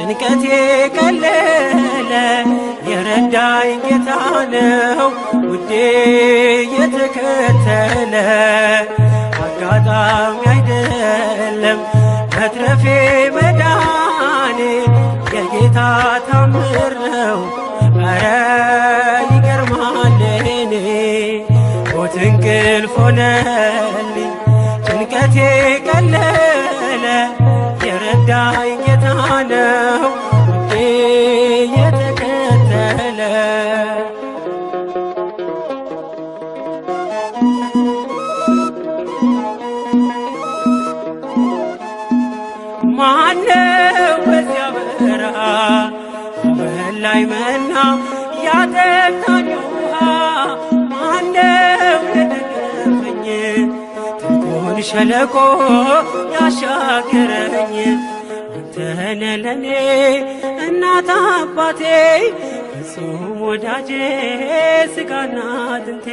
ጭንቀቴ ቀለለ የረዳኝ ጌታ ነው ውዴ የተከተለ አጋጣሚ አይደለም መትረፌ መዳኔ የጌታ ታምር ነው። ኧረ ይገርማል ሞት እንቅልፍ የናይል ሸለቆ ያሻገረኝ አንተነ ለኔ እናት አባቴ ፍጹም ወዳጄ ስጋና አጥንቴ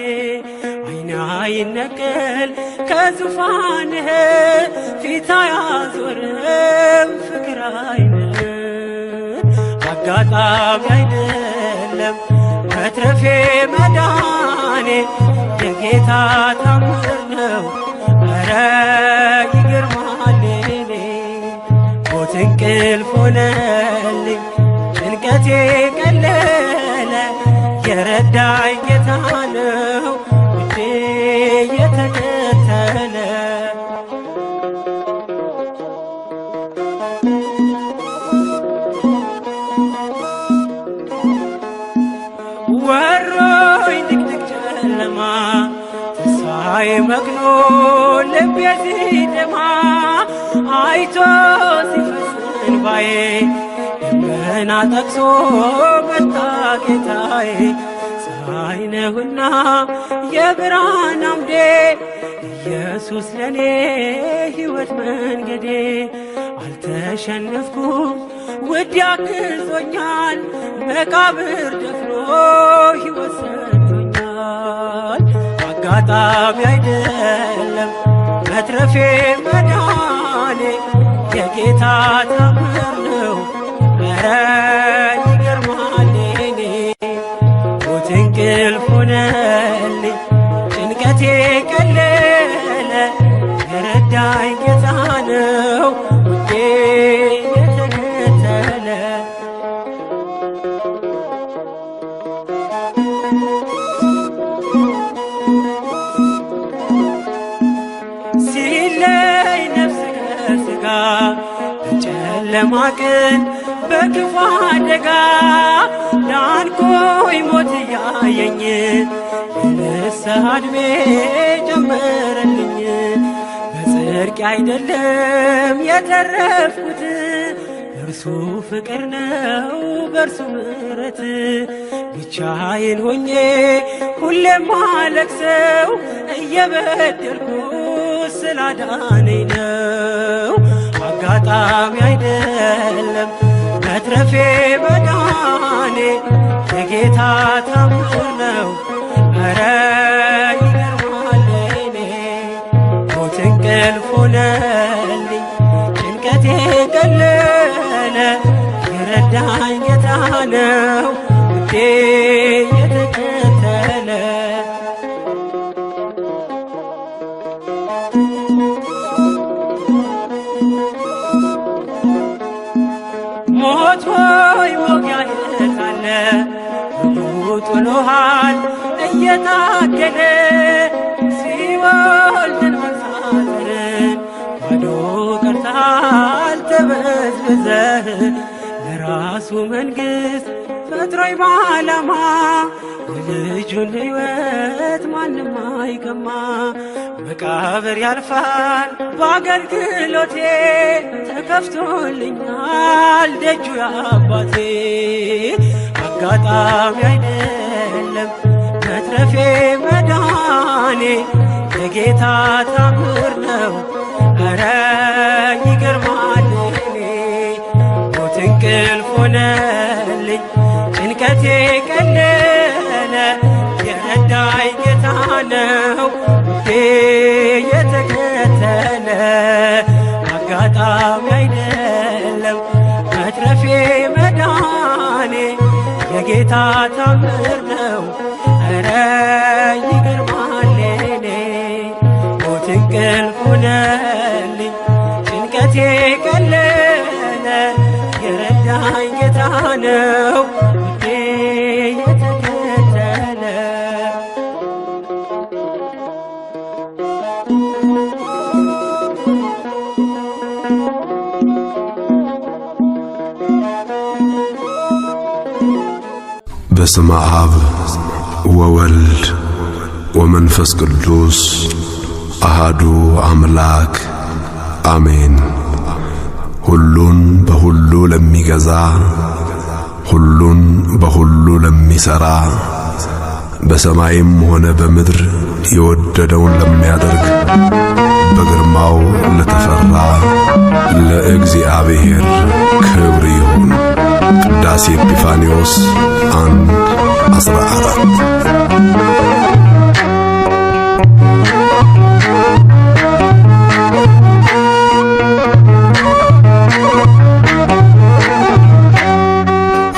አይና ይነቀል ከዙፋንህ ፊት አያዞርም ፍቅር አይደለም አጋጣሚ አይደለም መትረፌ መዳኔ የጌታ ታምር ነው። ኧረ ይገርማል እኔ ሞት እንቅልፍ ሆነልኝ ጭንቀቴ ቀለለ የረዳኝ ጌታ ነው ጨለማዬ መክኖ ልቤ ሲደማ አይቶ ሲፈስ እንባዬ ደመና ጠቅሶ መጣ ጌታዬ ፀሐይ የብርሃን አምዴ ኢየሱስ ለኔ ሕይወት መንገዴ አልተሸነፍኩም ውድ ያግዞኛል መቃብር ደፍኖ ሕይወት አጣሚ አይደለም መትረፌ መዳኔ የጌታ ታምር ነው። ኧረ ይገርማል ኔ ሞት እንቅልፍ እድሜ ጨምርልኝ። በጽድቅ አይደለም የተረፍኩት፣ እርሱ ፍቅር ነው በእርሱ ምሕረት። ብቻዬን ሆኜ ሁሌም አለቅሰው እየበደልኩ ስላዳነኝ ነው። አጋጣሚ አይደለም መትረፌ መዳኔ የጌታ ታምር ነው። መንግሥት ፈጥሮይ ባዓላማ የልጁን ሕይወት ማንም አይቀማ። መቃብር ያልፋል በአገልግሎቴ ተከፍቶልኛል ደጁ የአባቴ አጋጣሚ አይደለም መትረፌ መዳኔ የጌታ ታምር ነው ኧረ ነው! የተከተለ አጋጣሚ አይደለም መትረፌ መዳኔ የጌታ ታምር ነው። እረ ይገርማል ኔ ሞት እንቅልፍ ሆነልኝ ጭንቀቴ ቀለለ የረዳኝ ጌታ ነው። በስመ አብ ወወልድ ወመንፈስ ቅዱስ አሃዱ አምላክ አሜን። ሁሉን በሁሉ ለሚገዛ ሁሉን በሁሉ ለሚሠራ በሰማይም ሆነ በምድር የወደደውን ለሚያደርግ በግርማው ለተፈራ ለእግዚአብሔር ክብር ይሁን። ቅዳሴ ኤጲፋንዮስ القرآن أسرارك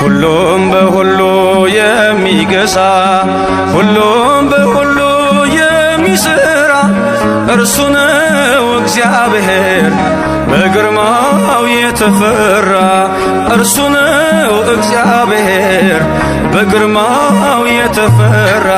كلهم بهلو يا ميقصا كلهم بهلو يا ميسرا ارسونا واكزعبهر بقرماو يتفرا ارسونا واكزعبهر በግርማው የተፈራ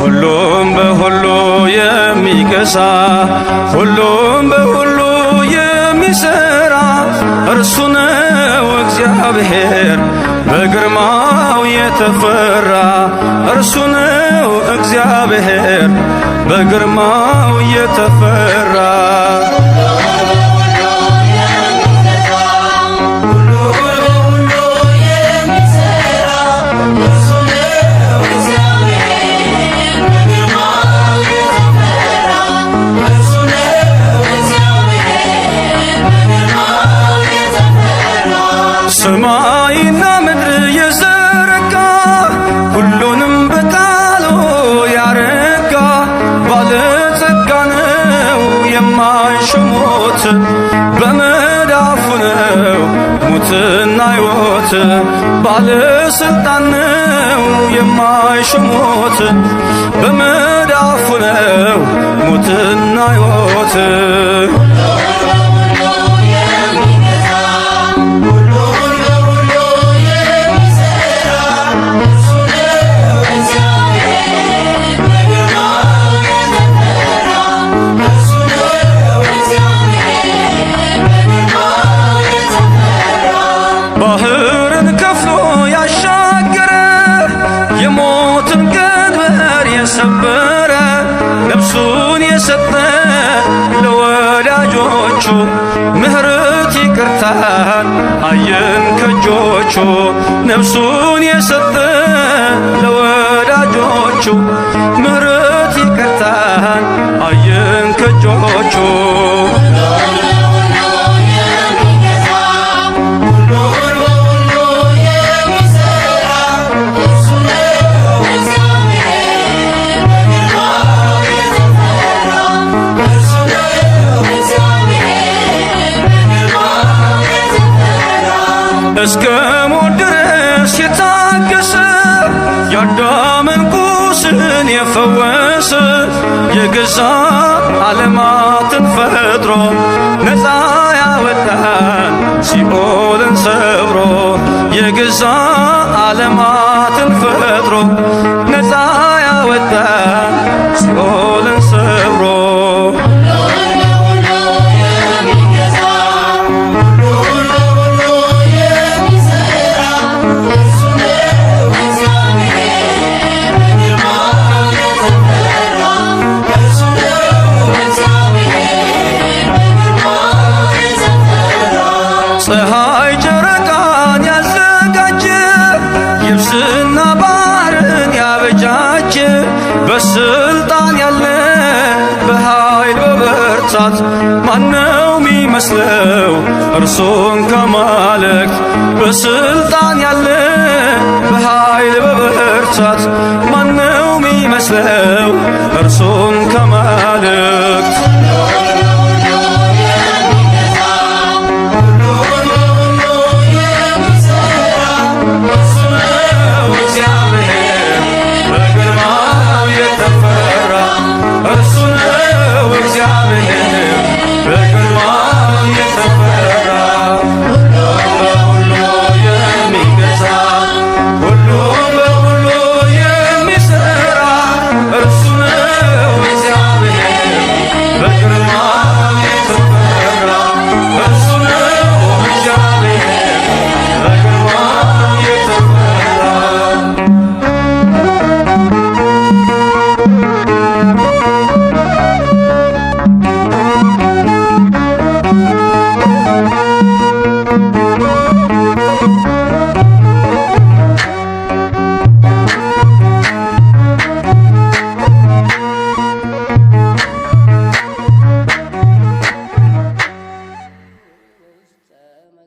ሁሉም በሁሉ የሚገዛ ሁሉ እርሱ ነው እግዚአብሔር በግርማው የተፈራ እርሱ ነው እግዚአብሔር በግርማው የተፈራ ሞትና ሕይወት ባለሥልጣን ነው የማይሽሞት በመዳፉ ነው ሞትና ሕይወት ጌታን አየን ከእጆቹ ነፍሱን የሰጠ ለወዳጆቹ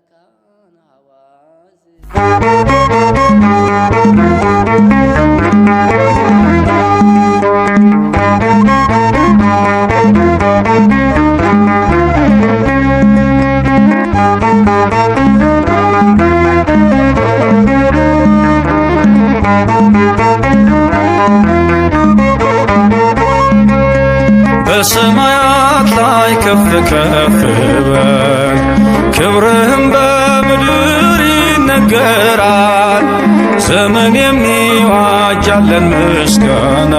Khan Hawazi. ዘመን የሚዋጃለን ምስጋና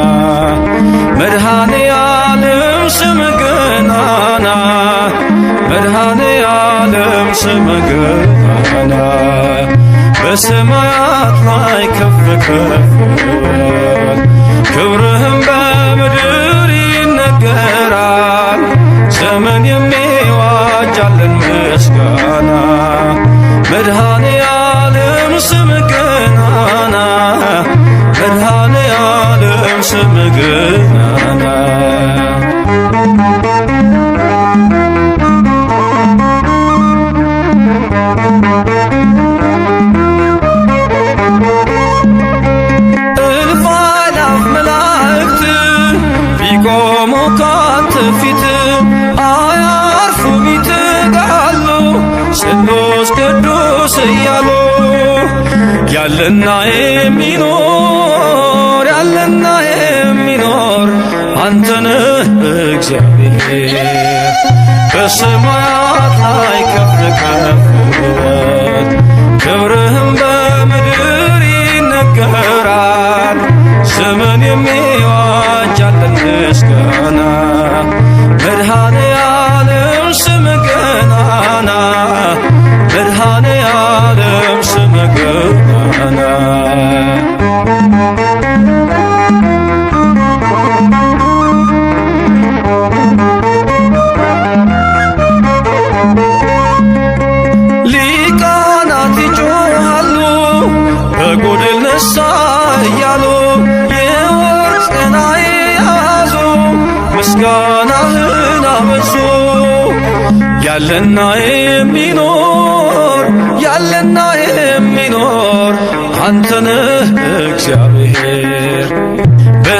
መድኃኔ ዓለም ስም ገናና መድኃኔ ዓለም ስም ገናና በሰማያት ላይ ከፍ ከፍ ክብር Amen.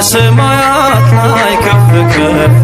በሰማያት ላይ ከፍ ከፍ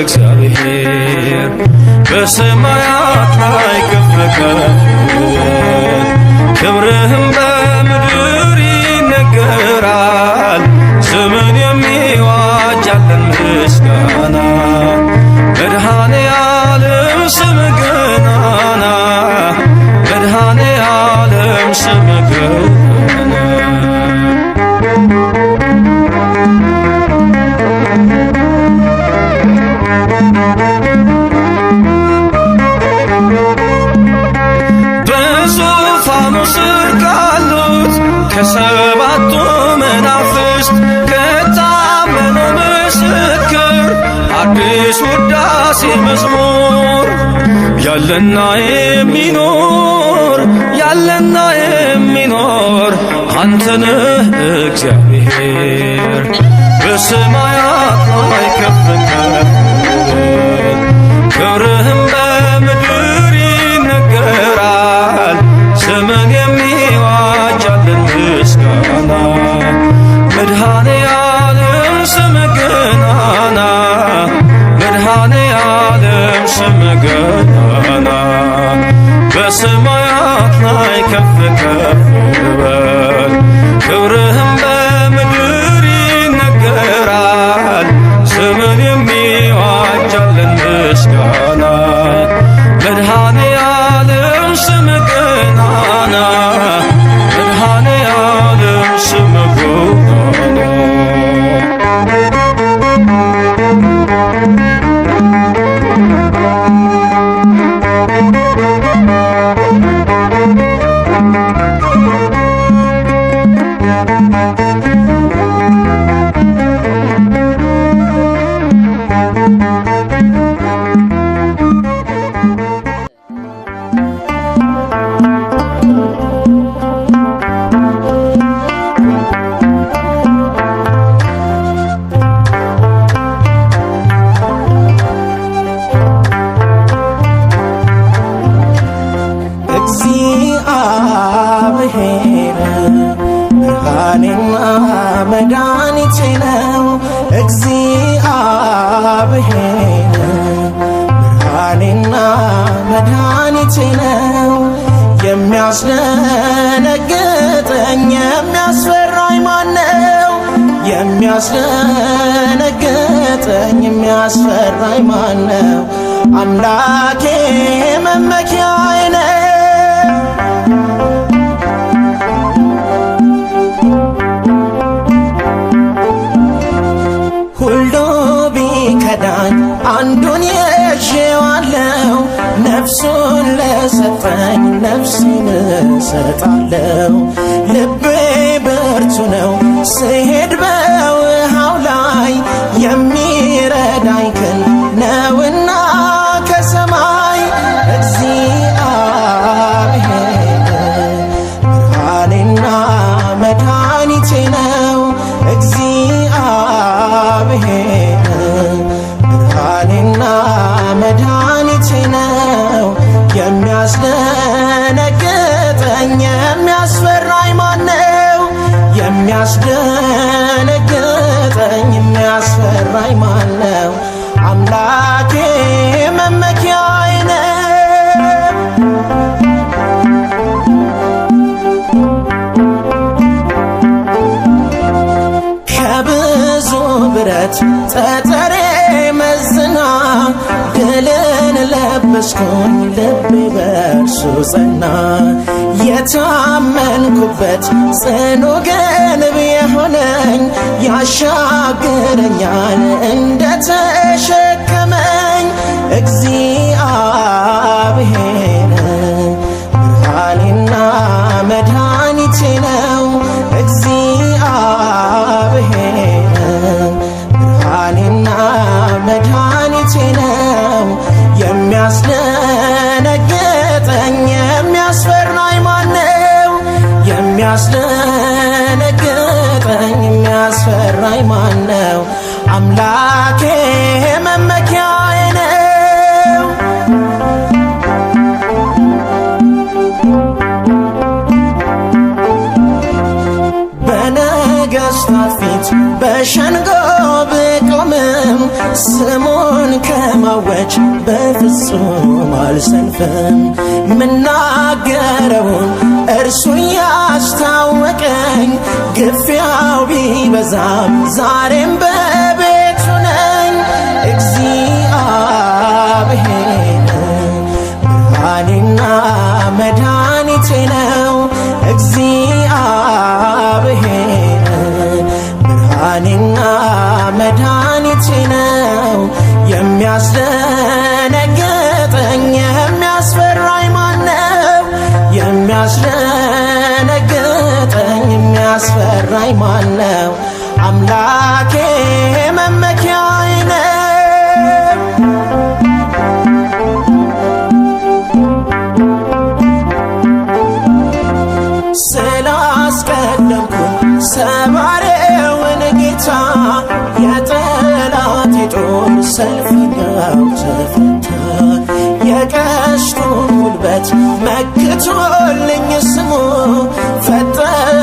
እግዚአብሔር በሰማያት ላይ ከፍ ከፍ ክብርህም በምድር ይነገራል። ዘመን የሚዋጅ ምስጋና መዝሙር ያለና የሚኖር ያለና የሚኖር አንተነ እግዚአብሔር በሰማያት ላይ ከፍ ከፍ ክብርህ ከፍ ከፍ በል ክብርህም በምድር ይነገራል። ስምን የሚዋጃለን ምስጋና መድኃኔ ዓለም ስም ገናና መድኃኔ ዓለም ስም ጎናና የሚያስደነግጠኝ የሚያስፈራኝ ማነው? የሚያስደነግጠኝ የሚያስፈራኝ ማነው? አምላኬ መመኪያዬ ነፍሱን ለሰጠኝ ነፍሴን እሰጣለሁ። ልቤ ብርቱ ነው ስሄድ በውሃው ላይ የሚረዳኝ ክንድ ነውና ከሰማይ እግዚአብሔር ብርሃኔና መድኃኒቴ ነው እግዚአብሔር ያስደነገጠኝ የሚያስፈራኝ ማነው? አምላኬ መመኪያዬ ነው። ከብዙ ብረት ጠጠሬ መዝና ድልን ለበስኩኝ ልቤ በእርሱ ጸና። የታመንኩበት ጽኑ ግንብ የሆነኝ ያሻገረኛል እንደተሸከመኝ እግዚአብሔር ያስደነገጠኝ የሚያስፈራኝ ነው! አምላኬ መመኪያዬ ነው። በነገስታት ፊት በሸንጎ ብቆምም ስሙን ከማወጅ ፍጹም አልሰንፈም ምናገረውን እርሱ ያስታወቀኝ ግፊያው ቢበዛም ዛሬም መክቶልኝ ስሙ ፈጠረ